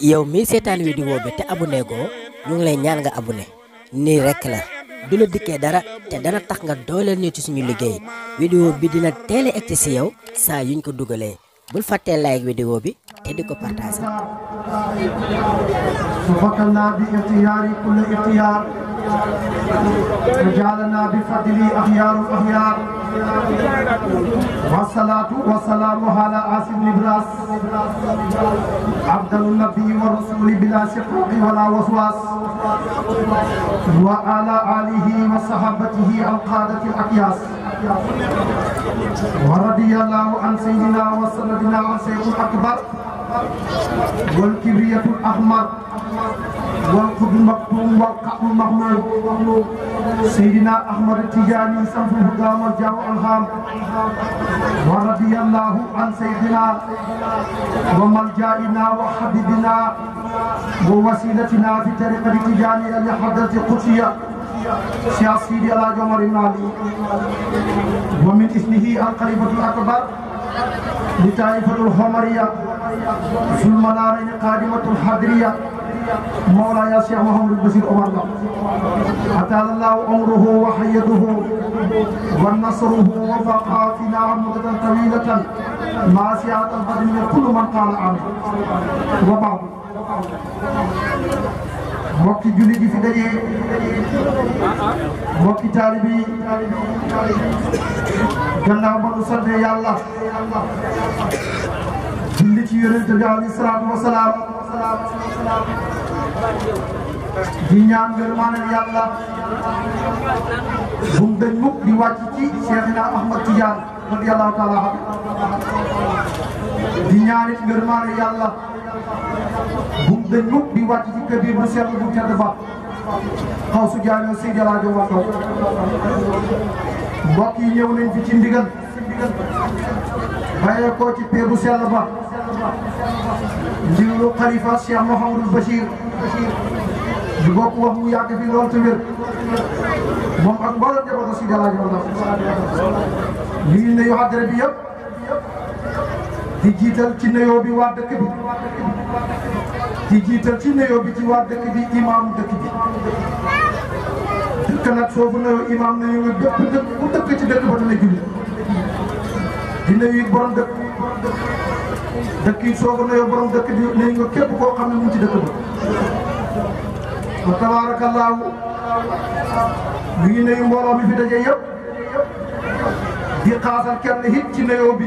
yow mii seetaan vidéo bi te abonné goo ñu ngi lay ñaan nga ne nii rekk la du la dikkee dara te dana tax nga dooleel ñu ci suñu liggéey vidéo bi dina teel a egg si yow saa yuñ ko dugalee bul fàttee like vidéo bi te di ko partagé. ففضلنا باختيار كل اختيار وجعلنا بفضله اخيار الاخيار والصلاة والسلام على عاصم ابراس عبد النبي والرسول بلا شقاق ولا وسواس وعلى آله وصحبه القادة الأقياس ورضي الله عن سيدنا وسندنا وسيد الأكبر والكبرية الأحمر والقد المكتوم والكعب المحمر سيدنا أحمد التجاني سلف الهدام الجاو الهام ورضي الله عن سيدنا وملجائنا وحبيبنا ووسيلتنا في طريق التجاني الذي حدث قدسية سياسي دي على جمر النالي ومن اسمه القريبة الأكبر لطائفة الحمرية في المنارين قادمة الحضرية مولاي ياسيا محمد البشير عمر أتى الله عمره وحيته ونصره وفقاتنا مدة طويلة مع سيادة البدن كل من قال عنه وبعض mbokki jullit yi fi daje mbokki taalibe yi gannaaw ba nu sante yàlla julli ci yonente bi alayhi salaatu wasalaam di ñaan ngërmaanal yàlla bu mu dañ mukk di wàcc ci Cheikhina Ahmad Tidiane radiyallahu taala anhu ñaanit ngërmaane yàlla bum dañ mukk di wàcc ci kër bi bu sell bu tedd fa xaw su jaanoo si jalaajo wax ko mbokk yi ñëw nañ fi ci ndigal bàyyee koo bu sell ba ndigalu xalifa Cheikh Mouhamadou Bachir di bokk wax mu yàgg fi lool te wér moom ak mbooloo jabata si jalaajo wax lii ne yoxaat dara bi yëpp di jiital ci nuyoo bi waa dëkk bi di jiital ci nuyoo bi ci waa dëkk bi imaamu dëkk bi dëkk nag foofu nuyoo imaam nañu nga dëkk dëkk ku dëkk ci dëkk ba dana julli di nuyu borom dëkk dëkk yi soo ko nuyoo borom dëkk bi nañu nga képp koo xam ne mu ngi ci dëkk ba wa tabaarakallaahu ñu ngi nuyu mbooloo mi fi daje yëpp di xaasal kenn hit ci nuyoo bi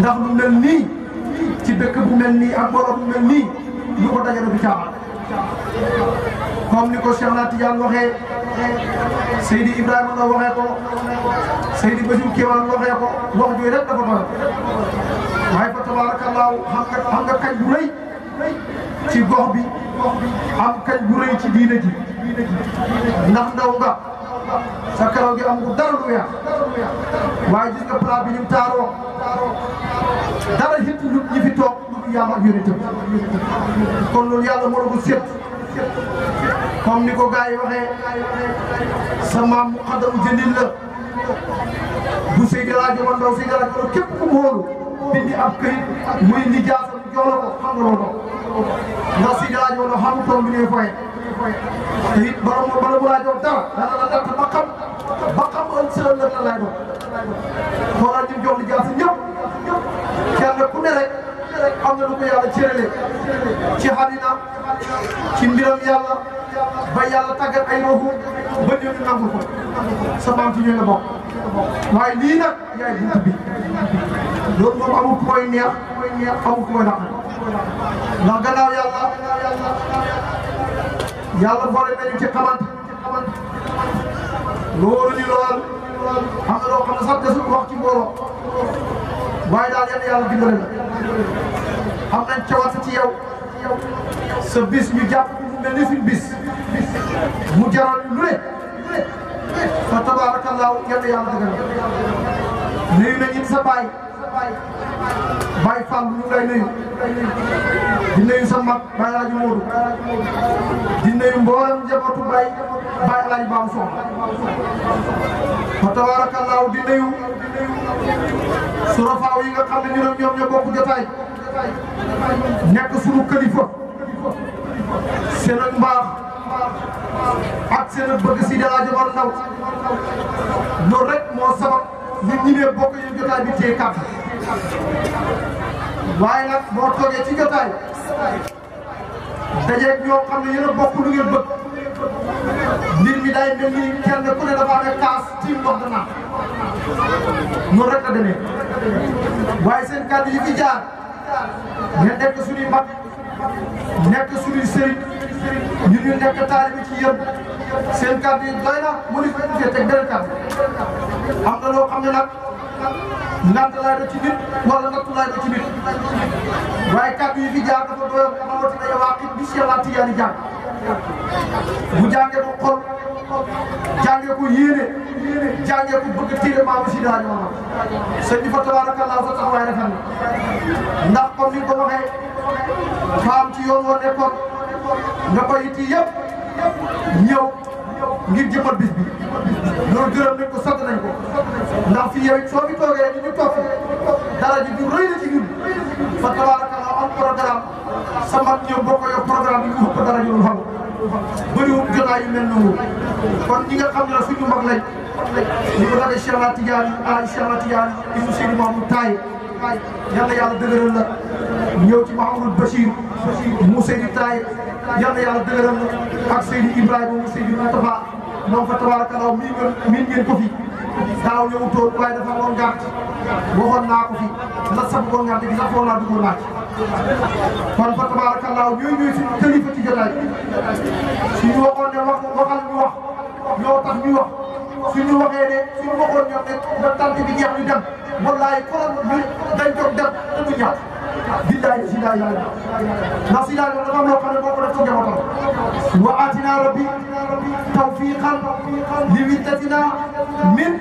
ndax lu mel ci dëkk bu mel nii ak borom bu mel nii lu ko dajale du caaxaan ni ko Cheikh na Tidiane waxee Seydi Ibrahima la waxee ko Seydi Basiou Kéwaan waxee ko wax jooy rek dafa doon fa tabaarakallaahu xam nga xam nga kañ bu ci gox bi am kañ bu ci diine ji ndax ndaw sa karaw gi amul dara lu weex waaye gis nga plat taaroo dara xit ñu ñi fi toog lu yàlla ak yonent kon loolu yàlla moo ni ko gars yi waxee sa la bu Seydi Laaji ndaw si dara ko képp ku mu wóolu muy lijaasa jox la ko xam nga loolu ndax Seydi Laaji man point te it borom nga bala mu laa jox dara dana la natt ba xam ba xam ëllëg si ëllëg la laay doon. moo tax ñu jox li jaasi ñëpp ñëpp kenn ku ne rek am na lu ko yàlla cëralee ci xarinaam ci mbiram yàlla ba yàlla tàggat ay roxu ba ñëw ñu nangu ko sa maam ci ñu la bokk waaye lii nag yaay buntu bi loolu moom amul ku koy neex amul ku koy naq ndax gannaaw yàlla. yàlla boole nañu ci xamante loolu ni lool xam nga loo xam ne sax desul wax ci mbooloo waaye daal yéen yàlla dimbale la xam nañ cawarte ci yow sa bis ñu jàpp mu mel ni suñ bis mu jaral lu ne fa tabaarakallaahu yéen yàlla dëggal nuyu nañu sa baay Baye Fall ñu ngi lay nuyu di nuyu sa mag Baye El Hadj Modou di nuyu mboolem njabootu Baye Baye El Hadj Maam Soxna fa tabaarakallaahu di su rafaaw yi nga xam ne ñu ne ñoom ñoo bokk jotaay nekk suñu kilifa seen mbaax ak seen bëgg si dara jabar ndaw rek moo sabab nit ñi ne bokk yi jotaay bi téye kàddu waaye nag boo toogee ci jotaay dajeeg ñoo xam ne yéen a bokk lu ngeen bëgg mbir mi day mel ni kenn ku ne dafa ne kaas ci ndox da naan noonu rek la demee waaye seen kàddu yi jaar ngeen nekk suñuy mag nekk suñuy sëriñ ñu ñu nekk taalibe ci yëpp seen kàddu yi doy na mënuñu ko teg benn kàddu am na loo xam ne natt laay do ci nit wala nattu laay do ci nit waaye kàddu yi fi jaar dafa doyoo rawatina yow ak bi Cheikh Ahmad Tidiane jàng bu jàngee ko xol jàngee ko yéene jàngee ko bëgg téere maamu si daal ñoo ma sëñ bi fa tabaarakallaa fa taxawaay rafet na ndax comme ni ko waxee faam ci yoon woon nekkoon nga koy itti yëpp ñëw ngir jëmmal bis bi loolu gërëm nañ ko sant nañ ko ndax fii yow it soo fi toogee ñu ñu toog dara ji du rëy la ci ñun fa tabaraka la am programme sa mag ñëw boo ko yor programme bi ñu ko dara ñu xam bëriwul jotaay yu mel noonu kon ñi nga xam ne suñu mag lañ ñu ko dalee Cheikh Tidiane Cheikh Tidiane ibnu Seydi Mamoud Taye yal na yàlla dëgëral la ñëw ci Mouhamadou Bachir mu Seydi Taay yal na yàlla dëgëral la ak Seydi Ibrahima mu Seydi Moustapha moom fa tabaarakallaa mi ngeen mi ngeen ko fi daaw ñëw toog waaye dafa amoon gàtt waxoon naa ko fi ndax sax ko gàtt gi sax foo naa dugg naaj kon fa tabaarakallaa ñooy ñooy suñu kilifa ci jotaay suñu waxoon ne wax waxal ñu wax ñoo tax ñu wax suñu waxee ne suñu waxoon ñoom ne ba tànk bi jeex ñu dem. wallaay xoolal bi dañ ko def te du ñàkk. billahi sidaa yi ndax sidaa yi dafa am loo xam ne boo ko def foogee ba wa atina rabbi tawfiqan li wittatina min.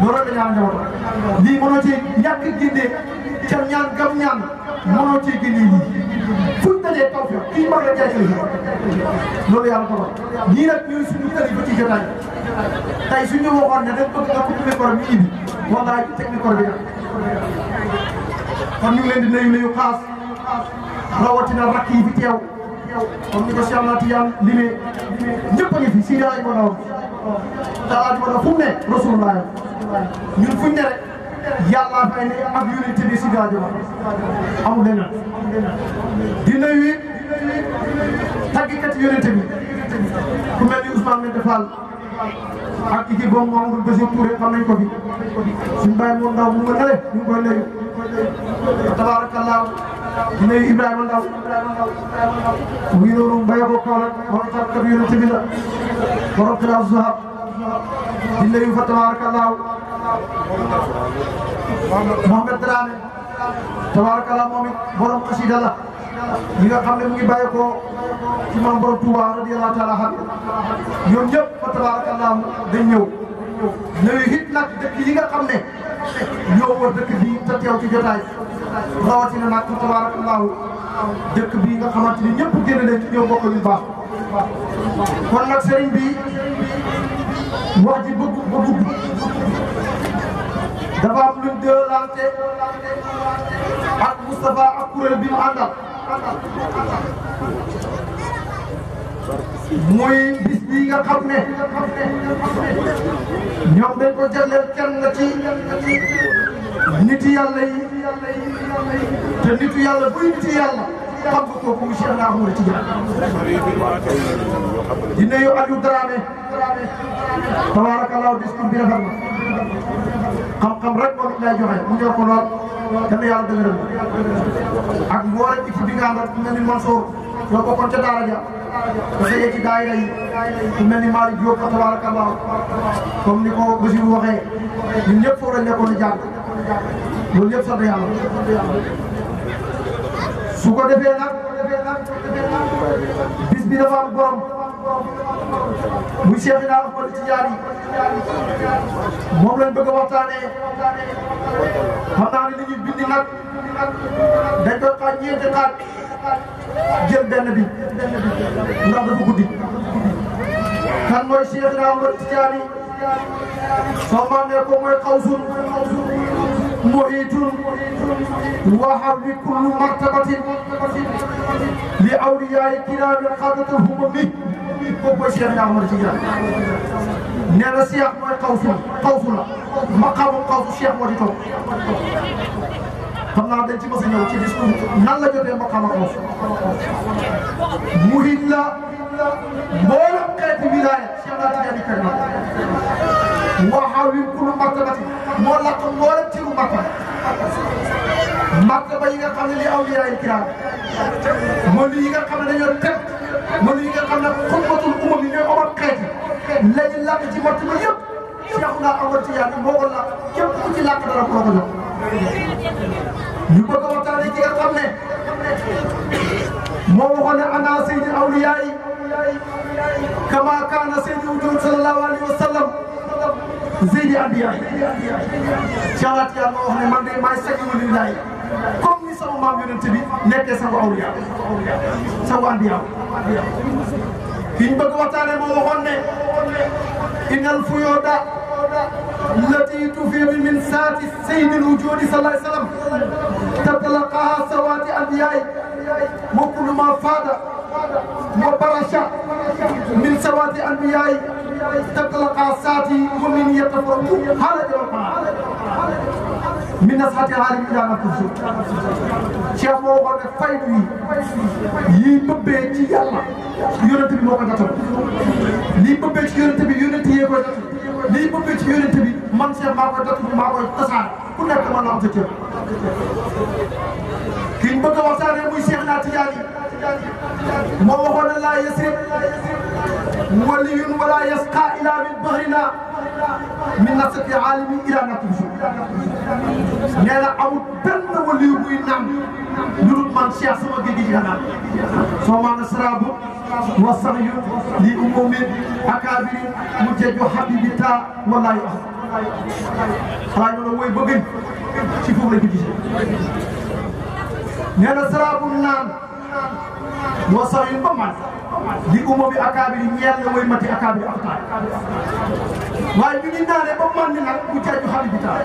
loolu la ñu am lii mën na ci ñàkk gindee ca ñaan gam ñaan mënoo cee génnee lii fu ñu dajee taw fi kii mag la jaay loolu ko wax ñii nag ñooy suñu kilifa ci jotaay tey suñu waxoon ko micro bi indi wala ñu ngi leen di nuyu nuyu xaas rawatina ko Cheikh a fi si yaay ko daw te aaj ma ne fu mu ne Rasulullah ñun yàllaa fay ne ak unité bi si gaajo ba amul leneen di nuyu tàggikat unité bi ku mel ni Ousmane Mbène Fall ak kii boobu moom Amadou Bassirou Touré xam nañ ko fi suñu bàyyi moom nga nële ñu ngi koy nuyu tabaarakallaa di nuyu Ibrahima Ndaw mu ngi noonu mbéy ko kaw rek moom tàggikat unité bi la borom Kira Zouhab di nuyu fa tabaarakallaa Mohamed Dramé tabaarakala moom it borom xasida la ñi nga xam ne mu ngi bàyyi ko ci maam borom Touba radiyallahu taala xam ñoom ñëpp fa tabaarakala dañ ñëw ñëw it nag dëkk yi nga xam ne ñoo wër dëkk bii te teew ci jotaay rawatina nag fa tabaarakallaahu dëkk bii nga xamante ni ñëpp génn leen ñëw bokk ñu baax kon nag sëriñ bi wax ji bëgg bëgg dafa am luñ délante ak Moustapha ak kuréel bi mu àndal muy bis bii nga xam ne ñoom dañ ko jagleel kenn ci nitu yàlla yi te nitu yàlla buy nitu yàlla xam nga kooku mu Cheikh Ahmadou Tidiane. di nuyu Aliou Dramé. tabaarakallahu discours bi rafet na. kam kam rek mo lay joxe mu ñu ko lool te ne yalla deugëru ak mo la ci fi bi nga am rek ñu mansoor yo ko kon ci dara ja ko sey ci daayira yi ñu ne ni ma ju ko tawal ka ba ni ko bu ci waxe ñun ñepp fo rañ ne ko jàng ñu ñepp sa da yalla su ko defé nak bis bi dafa am borom muy Cheikh Ina Ahmad Tidiane moom lañ bëgg a waxtaanee xam naa ne li ñu bind nag dañ koy xaaj ñeenti xaaj jël benn bi ndax dafa guddi kan mooy Cheikh Ina Ahmad Tidiane soo maamee ko mooy xawsun muhiitun waxam wi kullu martabatin li awliyaay kiraami xadatahum bi kooku mooy Cheikh Ndiakhou Mody Tidiane nee na Cheikh mooy xawsu xawsu la maqaamu xawsu Cheikh moo di toog xam naa dañ ci mos a ñëw ci discours nan la jotee maqaamu xawsu muhim la mboolem xeeti wilaaya Cheikh Ndiakhou Tidiane di kër la waxaa wi kunu martabati moo làq mboolem ci lu martaba martaba yi nga xam ne li awliyaa yi kiraam mënu yi nga xam ne dañoo teg mënu yi nga xam ne naa amoon ci moo ko làkk képp ku a waxtaanee ki kama kaana seydi wujuud sallallahu alayhi wa sallam zeydi anbiyaa caalaat ne maay sagiwu lillahi comme ni sama maam yonente bi nekkee sama awliyaa sama anbiyaa ki ñu moo waxoon ne innal fuyooda التي تفيد من سات السيد الوجود صلى الله عليه وسلم تتلقاها سواد أنبيائه وكل ما فاد وبرش من سواد أنبيائه تطلقها ساتي ومن يتفرق هذا القرآن من نصحة العالم إلى نفسه شيخ موغر فايدوي يببي تي يالا يونتي موغر نتبي يببي تي يونتي يونتي يونتي lii bëgg ci yonent bi man Cheikh maa koy dëkk bi maa koy tasaare ku nekk man la am sa cër ki ñu bëgg a waxtaanee muy Cheikh naa Tidiane moo waxoon laa yasrib waliyun wala yasqa ila min bahrina min nasati alimi ila natrusu nee na amul benn waliyu buy naan ñurut man cheikh sama géej gi naan soo maana sarabu wa sahyu li umumin akabirin mu jejo habibi ta wallahi xanaa ñu ne woy bëgg ci foofu la ko gisee nee na sarabu naan wa sawil ba man di uma bi akaabiri ñeel na way mati akaabiri aftaay waaye bi ñu naanee ba man ni nag bu caaju xali bi taal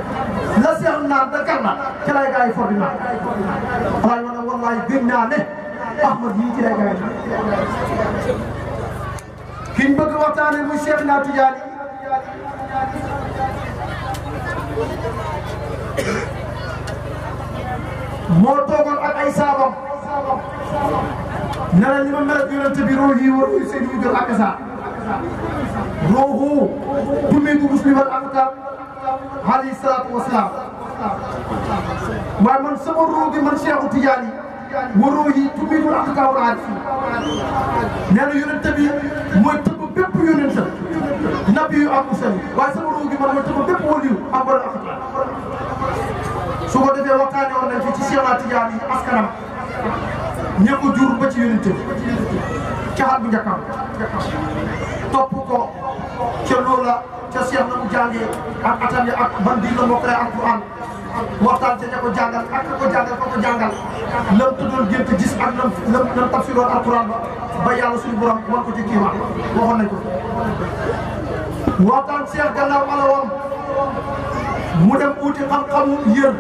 la seex naan dakar na ca gaay for di naan waaye ma ne wallaay gën naa ne ahmad yii ci lay gaay kiñ bëgg waxtaane muy Cheikh naa Tidiane moo toogoon ak ay saabam ne la ma mel ak yonent bi ruux yi war seen i jur ak saa ruuxu tumitu muslimal abkar alayhi salaatu wasalaam waaye man sama ruux man Cheikhu Tidiane waroo yi tumitu abkar wala aarif nee na yonent bi mooy tëbb bépp yonent nabi yu man mooy tëbb bépp waliyu am wala abkar su ko defee waxtaanee woon nañ fi ci Cheikh Tidiane askanam. ña ko jur ba ci yonent bi caxaat bu njëkkam topp ko ca loola ca seex na mu jàngee ak atam ya ak ban di la mokkale alquran waxtaan ca ña ko jàngal ak ka ko jàngal ka ko jàngal lam tuddoon gént gis ak lam lam lam tafsiroon alquran ba ba yàlla suñu borom wan ko ci kiima ko waxtaan seex gannaaw mu dem uuti xam-xamu yër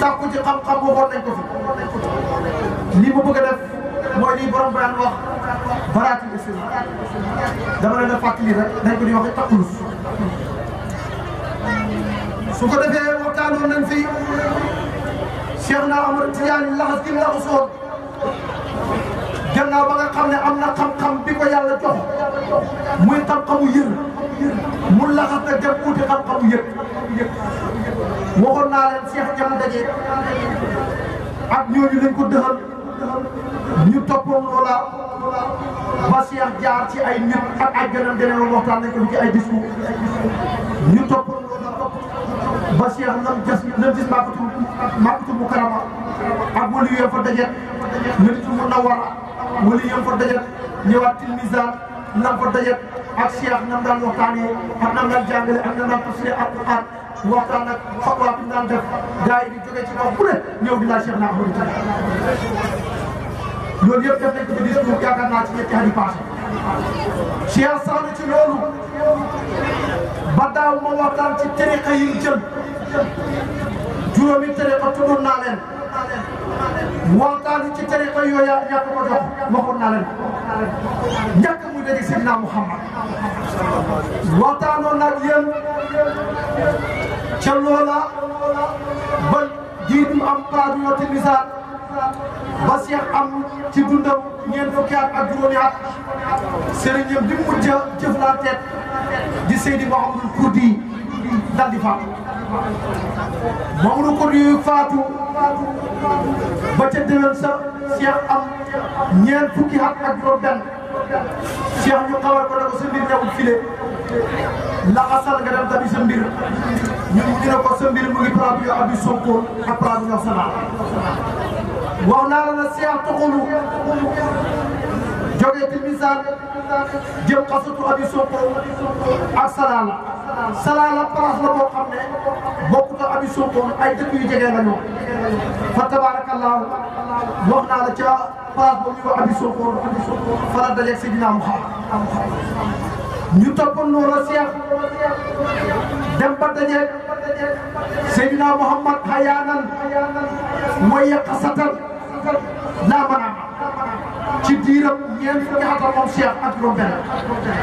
sàkku ci xam-xam waxoon nañ ko fi lii ma bëgg a def mooy lii borom bi daan wax baraatul islam dama leen a fàttali rek dañ ko di wax takkulus su ko defee waxtaanoon nañ fi Cheikh na Amar Tidiane laxas gi la usoon gannaaw ba nga xam ne am na xam-xam bi ko yàlla jox muy xam-xamu yër mu laxas na dem uti xam-xamu yër waxoon naa leen Cheikh jam daje ak ñooñu lañ ko dëxal ñu toppoon loola ba Cheikh jaar ci ay nit ak ay gënam gënam waxtaan nañ ko ci ay discours ñu toppoon loola ba Cheikh lan gis lan gis Makkatul Makkatul Mukarrama ak wali yéen fa dajet Madinatul Munawwara wali yéen fa dajet ñëwaat Tilmizan lan fa dajet ak Cheikh nam daan waxtaanee ak nam daan jàngale ak nam daan tafsir Alquran mu waxtaan ak fatwa bi ñu daan def gars yi di jógee ci kaw bu ne ñëw di laaj Cheikh na Ahmadou Tidiane loolu yëpp def nañ ko ci ñetti ci loolu ba daaw ma waxtaan ci tariqa yi jël juróomi tariqa tuddoon naa waxtaanu ci tariqa yooya ñàkk ko jox waxoon naa leen ñàkk muy daje Seydina Muhammad waxtaanoon naa yéen ca loola ba jiitu am paadu yoo ci misaal ba Cheikh am ci dundam ñeent fukki at ak juróomi at sëriñam di mujj a jëflanteeg di Seydi Mouhamadul Kurdi dal di faatu moom lu ko nuyu faatu ba ca déwén sa Cheikh am ñeent fukki at ak juróom benn Cheikh ñu xawal ko ne ko sa mbir ñëwul file laxasal nga dem tamit sa mbir ñun ñu ne ko sa mbir mu ngi praat yu abi Sonko ak praat yu national wax naa la ne Cheikh toxalu jógee ci misaan jël xasatu abi sonkoro ak salaala salaala ay dëkk yu jege la ñoo fa tabarakallahu wax naa la ca place boobu ñu wax fa la dajeeg Muhammad ñu toppandoo la Cheikh dem ba dajeeg Muhammad xayaanan mooy yàq xasatal laa ci diiram ñeent fukki at ak moom Cheikh ak juróom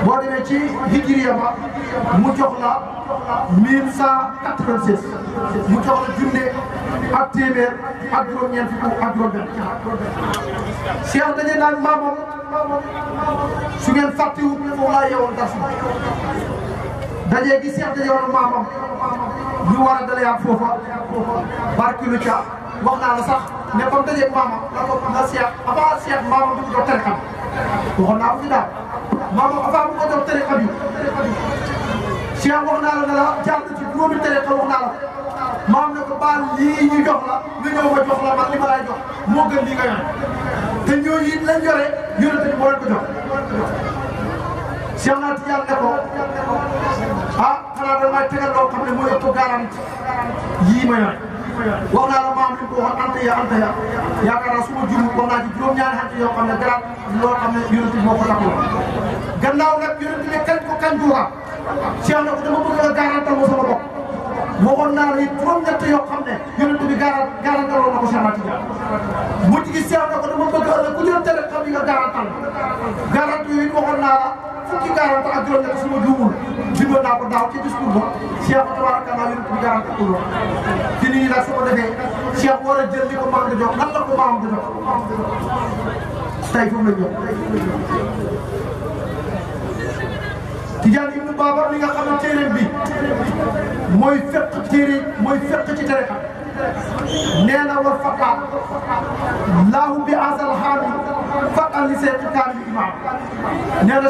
boo demee ci hijriya ba mu jox la mille cent quatre mu jox la junne ak téeméer ak juróom ñeent fukk ak juróom benn maamam su ngeen fàttiwu foofu laa yeewoon das dajee gi Cheikh dañu woon maamam ñu war a dalayaat foofa barkilu ca wax sax mais comme dajeeg maama la ko na seex avant seex maama du ko jox tariqam waxoon naa ko ci daal maama avant mu ko jox tariqam yi seex wax naa la ne la jaar na ci juróomi tariqa wax naa la maam ne ko baal lii ñu jox la nga ñëw ma jox la man li ma lay jox moo gën lii nga yore te ñooñu it lañ yore yore tamit moo leen ko jox. Cheikh Naar Tidiane ne ko ah xanaa damay tegal loo xam ne mooy ëpp garanti yii ma yore. wax naa la maam li mu ko waxoon ante ya ante ya yaakaar naa su ma juróom wax naa ci juróom-ñaari xarit yoo xam ne dara loo xam ne yonent bi moo ko taxawal gannaaw nag yonent ne kañ ko kañ duura Cheikh na ko dama bëgg a garantal ma sama bopp waxoon naa la it juróom-ñett yoo xam ne yonent bi garan garantaloon na ko Cheikh Matidia mujj gi Cheikh na ko dama bëgg a ku jël télé xam yi nga garantal garant yooyu waxoon fukki garant ak juróom ñett su bi garante ko di faqa li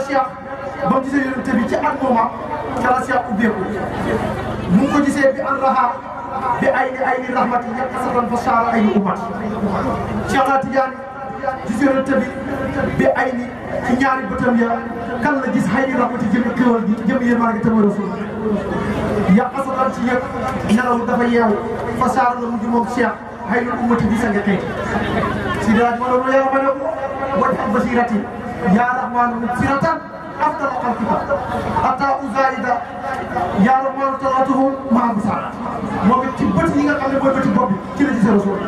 Cheikh ba mu gisee yonent bi ci at mooma ca la seet ubbeeku mu ngi ko gisee bi an raxaa bi ay ni ay ni rahmati ñett satan fa saara ay ni ummat Cheikh Ahmad Tidiane gis yonent bi bi ay ni ci ñaari bëtam ya kan la gis xëy na rahmati jëm xéwal gi jëm yéen maa ngi tëmal rasul ya asatan ci ñëpp nelaw dafa yeewu fa saara la mujj moom Cheikh xëy na ummati bi sange kay si daaj ma doon yàlla ma ne ko wa basirati yaa rahmaanu siratan أفضل الكتاب حتى أزايد yàlla moom talaatuhu maa bu saal moom it ci bët yi nga xam ne mooy bëti bopp bi ci la gisee rasul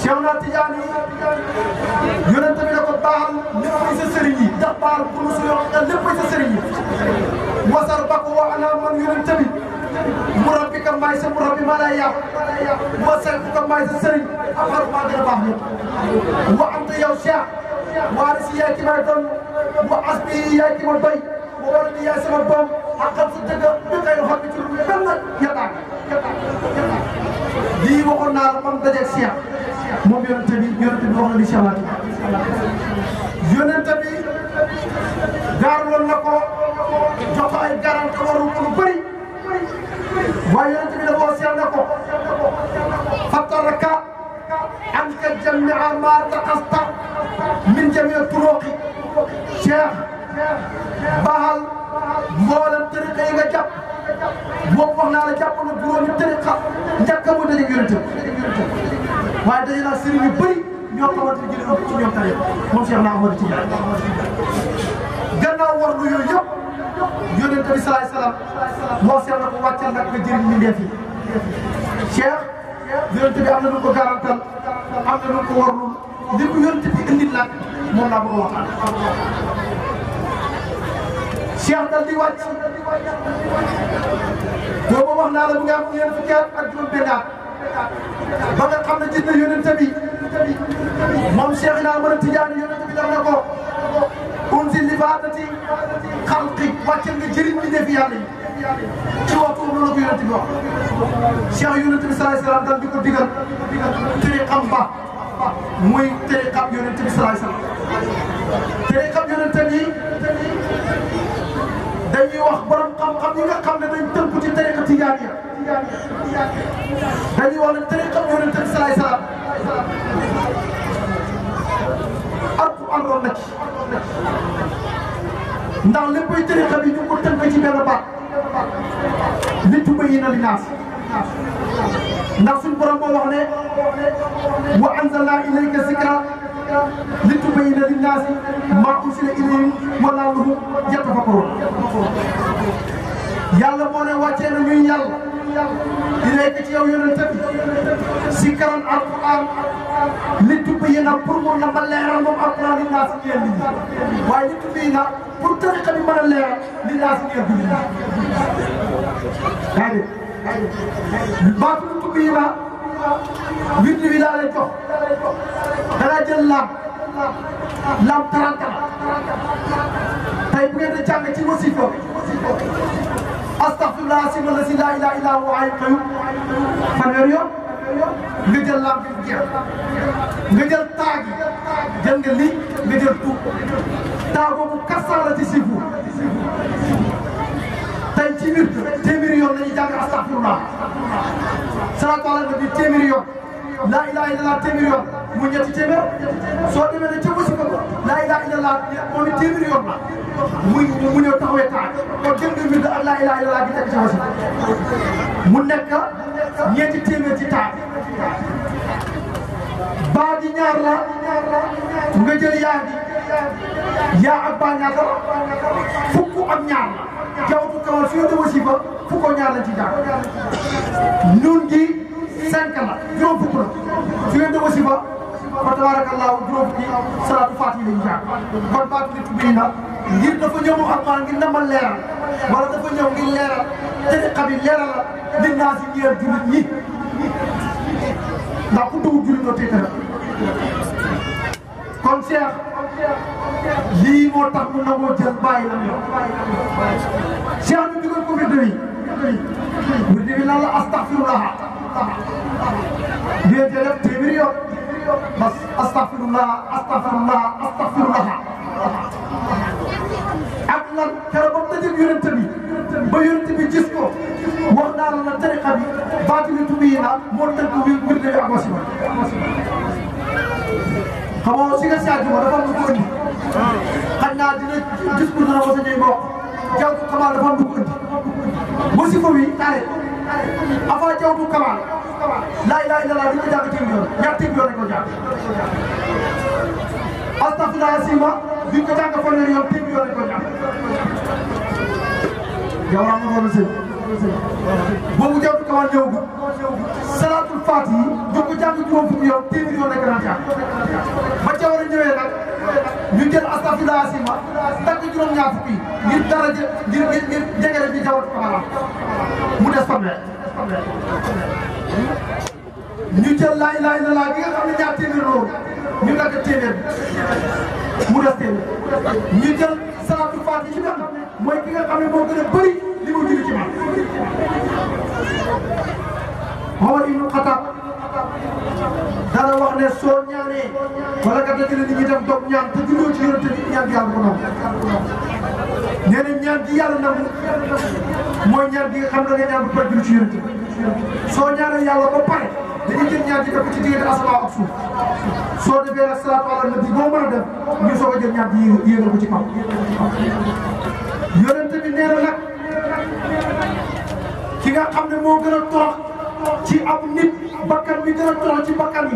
Cheikh na Tidiane yonent bi da ko baaxal léppay sa sëriñ yi ndax baaxal bu mu suñu wax léppay sa sëriñ yi wasar bakku wa ana man yonent bi murabbi ka maay sa murabbi maa lay yàq wasar ka maay sa sëriñ afar maa gën a baax lépp wa anta yow Cheikh waarisi yaay ki may doon mu asbi yaay ki ma doy mu war di yaay sama doom àqal sa dëgg ñu koy xam ci lu benn yataa yataa yataa lii waxoon naa la man dajeeg Cheikh moom yonent bi yonent bi wax na li Cheikh laaj yonent bi gaarloon na ko jox ko ay garante waru ko lu bëri waaye yonent bi dafa seet na ko fataraka an tajamia ma taqasta min jamii turuqi cheikh baxal mboolem tariqa yi nga jàpp boobu wax naa la jàpp na juróomi tariqa njëkk mu daje yonente waaye daje naa sëriñ yu bëri ñoo xamante ne jëlee ëpp ci ñoom tariqa moom Cheikh na Ahmadu Tijaan gannaaw warlu yooyu yëpp yonente bi salaay salaam moo seet na ko wàccal nag nga jëriñ mi ndeef yi cheikh yonente bi am na lu ko garantal am na lu ko warlu li ko yónni fi indi nag moom laa bëgg a waxtaan. Cheikh dal di wax naa la bu nga am ñeent fukki at ak juróom-benn at ba nga xam ne gis na yónent bi moom Cheikh naa mën a tijaani yónent bi daf na ko unzil li faatati xalqi wàccal nga jëriñ bi def yàlla yi ci waxtu boobu loolu la ko yónent bi wax Cheikh yónent bi salaay salaam dal di ko digal digal turi xam ba muy tariqab yonent bi salaay salaam tariqab yonent bi dañuy wax borom xam-xam yi nga xam ne dañ tënku ci tariqa tijaaniya dañuy wax ne tariqab yonent bi salaay salaam alquran àndoon na ci ndax léppay tariqa bi ñu ko tënk ci benn baat li tubayina li naas ndax suñu borom moo wax ne wa anzalna ilayka zikra li tubayyina linnaasi maa unzila ilayhim wa la'allahum yatafakkaruun yàlla moo ne ilayka ci yow yonent bi zikran alquran li tubayyina pour mu na ma leeral moom alquran linnaasi ñeel nit ñi bi mën a leeral linnaasi baatuñu tukki yi ba huit bi daa lay jox da lay jël laam laam taranta tey bu ngeen di jàng ci wasifa astaghfirullah asima la si laa ilaa ilaa wa ay xayu fanweer yoon nga jël laam bi jeex nga jël taag yi jël nga lii nga jël tuub taa boobu kasaan la ci sifu tey ci biir téeméeri yoon nañu jàng astaghfirullah salaatu ala nabi téeméeri yoon laa ilaha illallah téeméeri yoon mu ñetti téeméer soo demee ne ca wasifa ko laa ilaha illallah moom it téeméeri yoon la muy mu ñëw taxawee taxaw kon gën nga mu nekk ñeenti téeméer ci taxaw di ñaar la nga jël di yaa ak baa ñaata fukk ak ñaar jawtu kamal su ñu dee wasifa fukk ak ñaar lañ ci nun gi cinq la juróom fukk la su ñu dee wasifa fa tabaarakallaahu juróom fukki salaatu faatiha lañ jàng kon baatu nit bii na ngir dafa ñëw alquran ngir namal leeral wala dafa ñëw ngir leeral tariqa bi leeral la nit naa si ñeer jullit ku dugg jullit doo tey kon lii moo tax mu nangoo jël bàyyi la mu yor Cheikh ñu dugal ko fi dëri bu dëri lan la astaghfirullah di jël téeméeri yoon bas astaghfirullah astaghfirullah astaghfirullah ak lan keroog ba mu tëjee yonent bi ba yonent bi gis ko wax naa la na tariqa bi baatini tubi yi naan moo tënk mbir mbir ak wasima xamoo si nga saaju ma dafa am lu ko indi xam naa dina discours dina ko sa ñuy mbokk jaww kamaa dafa am lu ko indi musiba wi tare avant jaww bu kamaa laay laay la laa duñ ko jàng teg yoon ñaar teg yoon rek ko jàng astafurlah sima duñ ko jàng fanweeri yoon teg yoon rek ko jàng yow am nga ko sëñ boobu jaww bu kamaa ñëw salaatul faat yi duñ ko jàng juróom fukki yoon téeméer yoon rek ko daan jàng ba ca war a ñëwee nag ñu jël astafurlah asima ma juróom-ñaar fukki ngir dara jë ngir ngir ngir jege bi jaww ji mu des fanweer. ñu jël laay laay la laa gi nga xam ne ñaar téeméer loolu ñu dagg téeméer mu des téeméer ñu jël salaatu faati ci benn mooy ki nga xam a bëri li mu julli ci man. xool yi ñu xataat. dara wax ne soo ñaanee wala kat da jëlee nit ñi dem toog ñaan te julloo ci yonent bi ñaan yàlla ko nangu. nee na ñaan gi yàlla nangu mooy ñaan gi nga xam ne nga ñaan bu ci yonent bi soo ñaanee yàlla ba pare dañuy ñaan ci diggante asamaan ak suuf soo defee nag salaatu ala a def ñu soog a ñaan gi yéegal ko ci kaw. yonent bi nee na ki nga xam ne moo gën a torox. ci ab nit bakkan bi gën a ci bakkan bi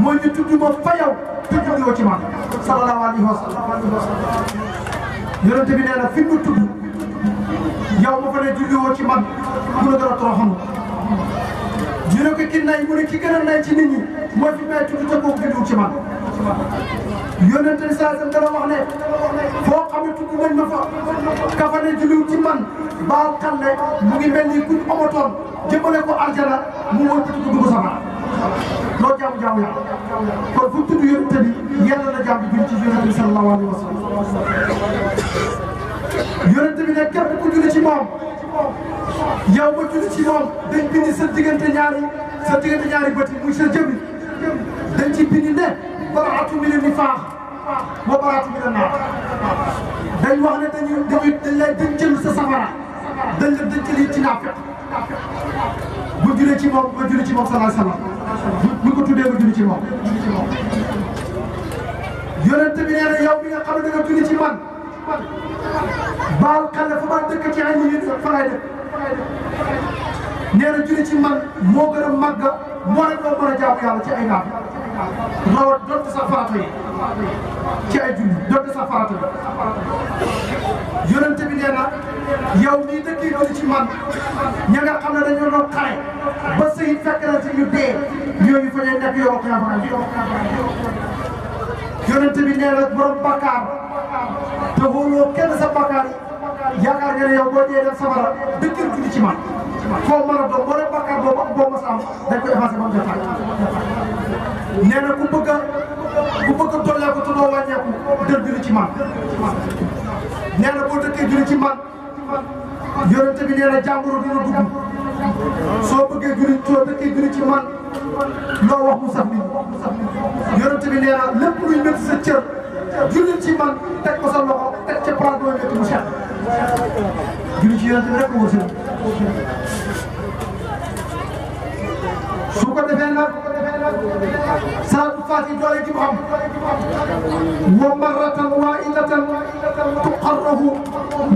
mooy ñu tudd ma fa yow tudd ñoo ci man sallallahu alayhi wa sallam yonent bi a na fi mu tudd yow ma fa ne julli woo ci man gën a toroxam ñu ne ko ki gën a nay ci ni ñi mooy fi may tudd te kooku julliwul ci man yonent bi saa sam dana wax ne foo xam ne tudd nañ ma fa ka fa ne julliw ci man baal kan ne mu ngi mel ni kuñ amatoon jëmale ko aljana mu wër tudd dugg sama loolu jaamu jaamu yàlla kon fu tudd yonent bi yàlla na jaam bi ci yonent sallallahu alayhi wa sallam bi ne képp ku julli ci moom yow ba julli ci moom dañ bind sa diggante ñaari sa diggante ñaari bët muy sa jëmi dañ ci bind ne baraatu mi ne ni faax wa baraatu mi ne naax dañ wax ne dañuy dañuy dañ lay dëncal sa safara dañ la dëncal yi ci naafeq bu jëlee ci moom nga jëlee ci moom salaay salaam bu ko tuddee nga jëlee ci moom yonent bi nee na yow mi nga xam ne da nga julli ci man baal xale fa ma dëkk ci ay nit fa lay dëkk nee na julli ci man moo gën a màgg moo la doon mën a jaamu yàlla ci ay naaf loolu donte sa farata yi ci ay julli donte sa farata yi yonente bi nee na yow nii dëkk doon ci man ña nga xam ne dañoo doon xare ba sëy fekk na ci ñu dee ñooñu fa ñuy nekk yow xeexal yonente bi nee na borom bakkaar te wóoloo kenn sa bakkaar yi yaakaar nga ne yow boo dee dem safara dëkkil julli ci man foo mën a doon boo mos am dañ ko effacé ba mu jotaay nee na ku bëgg a ku bëgg a dolleeku te doo wàññeeku dër julli ci man nee na boo dëkkee julli ci man yonente bi nee na jàngoro dina dugg soo bëggee julli soo dëkkee julli ci man loo wax mu sax nit yonente bi nee na luy métti sa cër julli ci man teg ko sa loxo teg ca prendre métti mu set julli ci yonente bi rek ko wërsëg su ko defee nag salaatu faati doole gi mu am wa marratan waahidatan tuqarrahu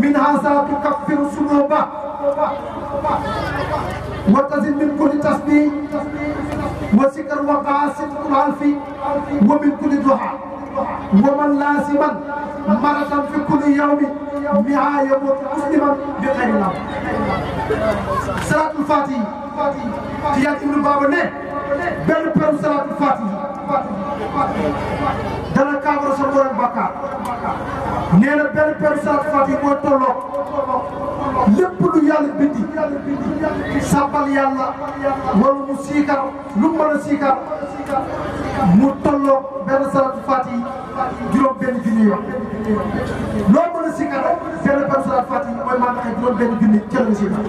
minhaa saa tukaffiru sunuuba wa tazid min kulli tasbih wa sikr wa qaasid kulli alfi wa min kulli duhaa ومن لازما مرة في كل يوم معا يموت مسلما بخير الله صلاة الفاتحة تيات ابن بابا نه benn peru salaatul faatihi dana kaabara sa borom bàkkaar nee na benn peru salaatul faatihi mooy tolloo lépp lu yàlla bindi sàbbal yàlla wala mu siikar lu mu mën mu tolloog benn salatu fatiha juróom benn junni yoon loo mën a sikkar rek benn benn salatu fatiha mooy maanaam benn junni ca la sikkar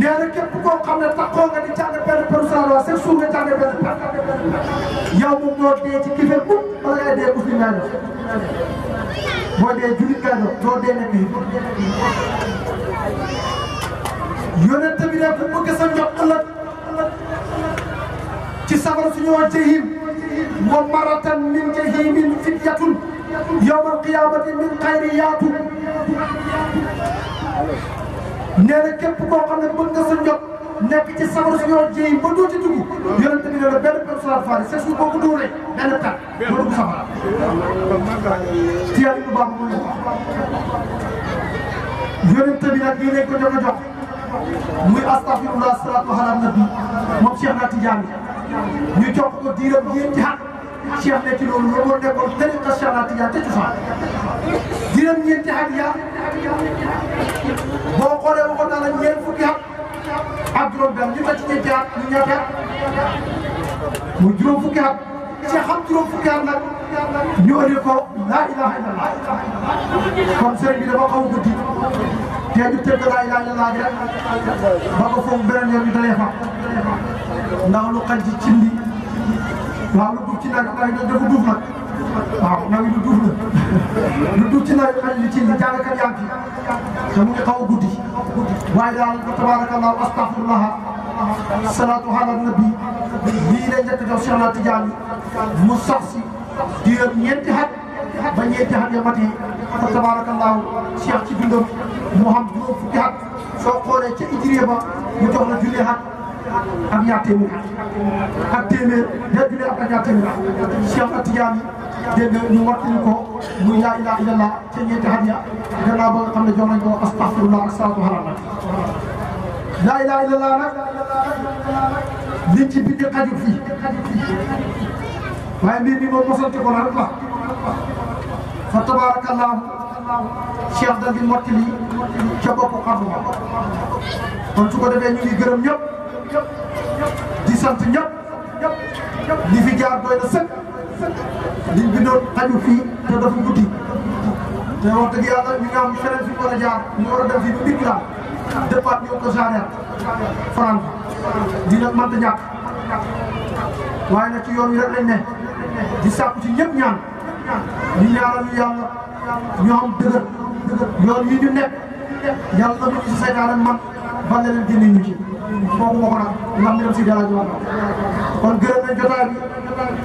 nee na képp koo xam ne taxoo nga di jàng benn benn salatu waaw nga jàng benn benn yow moom dee ci kifel bu wala ngay dee bu fi ngaa ñor boo dee jullit ngaa ñor doo dee nekk yi yonent bi ne bu bëgg sa ci safara suñu woo jahim wa maratan min jahimin fityatun yawma alqiyamati min xayri yaatu nee na képp koo xam ne bëgg nga sa njot nekk ci safara suñu woo jahim ba doo ci dugg yonent bi nee na benn benn salaat faari c'est su boo ko dóoree benn tar doo dugg safara tiyaan bu baax mooy yonent bi nag lii lañ ko jox a jox muy astafirullah salaatu ala nabi moom Cheikh na Tidiane ñu jox ko diiram ñeenti at Cheikh ne ci loolu nga war a nekkoon tariqa Chalatiyya te cosaan diiram ñeenti at yaa boo xoolee waxoon naa la ñeent fukki at ak juróom benn ñu ci ñeenti at ñu ñaata at mu juróom fukki at ci xam juróom fukki at nag ñu ëndi ko laa ilaha illallah kon sëriñ bi dafa xaw a guddi te ñu tëgg laa ilaha illallah rek ba ko foofu beneen yoon bi dalee fa ndax lu xaj ci cin li waaw lu duuf ci nawet nawet bi dafa duuf nag waaw nawet bi duuf na lu duuf ci nawet xaj li cin li jàngkat yaa ngi fi te mu ngi a guddi waaye daal tabaarakallah salaatu ala nabi lii lay njëkk jox Cheikh Tidiane si diiram ñeenti xat ba ñeenti xat ya mati fa tabaarakallahu Cheikh ci dundam mu xam juróom fukki xat soo xoolee ca Idriya ba ak ñaar téeméer ak téeméer day julli ak ñaar téeméer Cheikh Tidiane dégg nga ñu wàttali ko muy laa ilaaha illallaah ca ñeenti hadiya gannaaw ba nga xam ne jox nañ ko astaghfirullah ak salaatu alaa laa ilaaha illallaah nag liñ ci bindi xaju fii waaye mbir mi moom mosante ko la rek la fa tabaarakallaahu Cheikh dal di mottali ca bopp xam kon su ko defee ñu ngi gërëm ñëpp. di sant ñëpp li fi jaar doy na sëkk liñ bi doon fii te dafa guddi te wax dëgg yàlla ñu ngi am feneen fi mu di nag mënta waaye nag ci yoon yi rek lañ ne di sàkku ci ñëpp ñaan ñu ñaanal ñu yàlla ñu am dëgër dëgër yoon yi ñu nekk yàlla na ñu man ban la leen ci. moom moo ko nag ndam dem si jaraaju wax kon gërëm nañ jotaay bi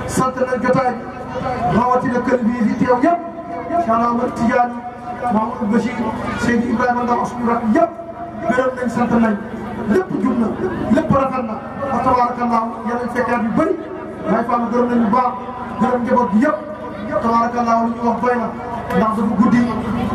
sant nañ jotaay bi rawatina kër bii fi teew ñëpp Cheikh Ahmed Tidiane Mamadou Bachir Seydi Ibrahima Ndaw suñu rakk ñëpp gërëm nañ sant nañ lépp jub na lépp rafet na wa tabarakallah yeneen fekkaat yu bëri waaye Fane gërëm nañ bu baax gërëm njaboot bi yëpp tabarakallah li ñu wax doy na ndax dafa guddi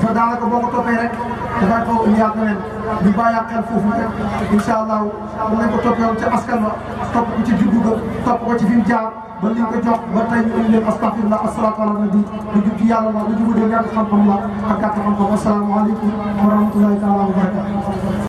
te daanaka boo ko toppee rek dafay xaw a ñëwaat leneen di bàyyi xel foofu rek incha allah bu ngeen ko toppee woon ca askan wa topp ko ci juddu ga topp ko ci fi mu jaar ba liñ ko jox ba tey ñu indi leen astafirlah asalaatu ala nabi lu jub ci yàlla la lu jub de ñàkk xam-xam la ak gàtt xam-xam asalaamaaleykum wa rahmatulahi taala wa barakatu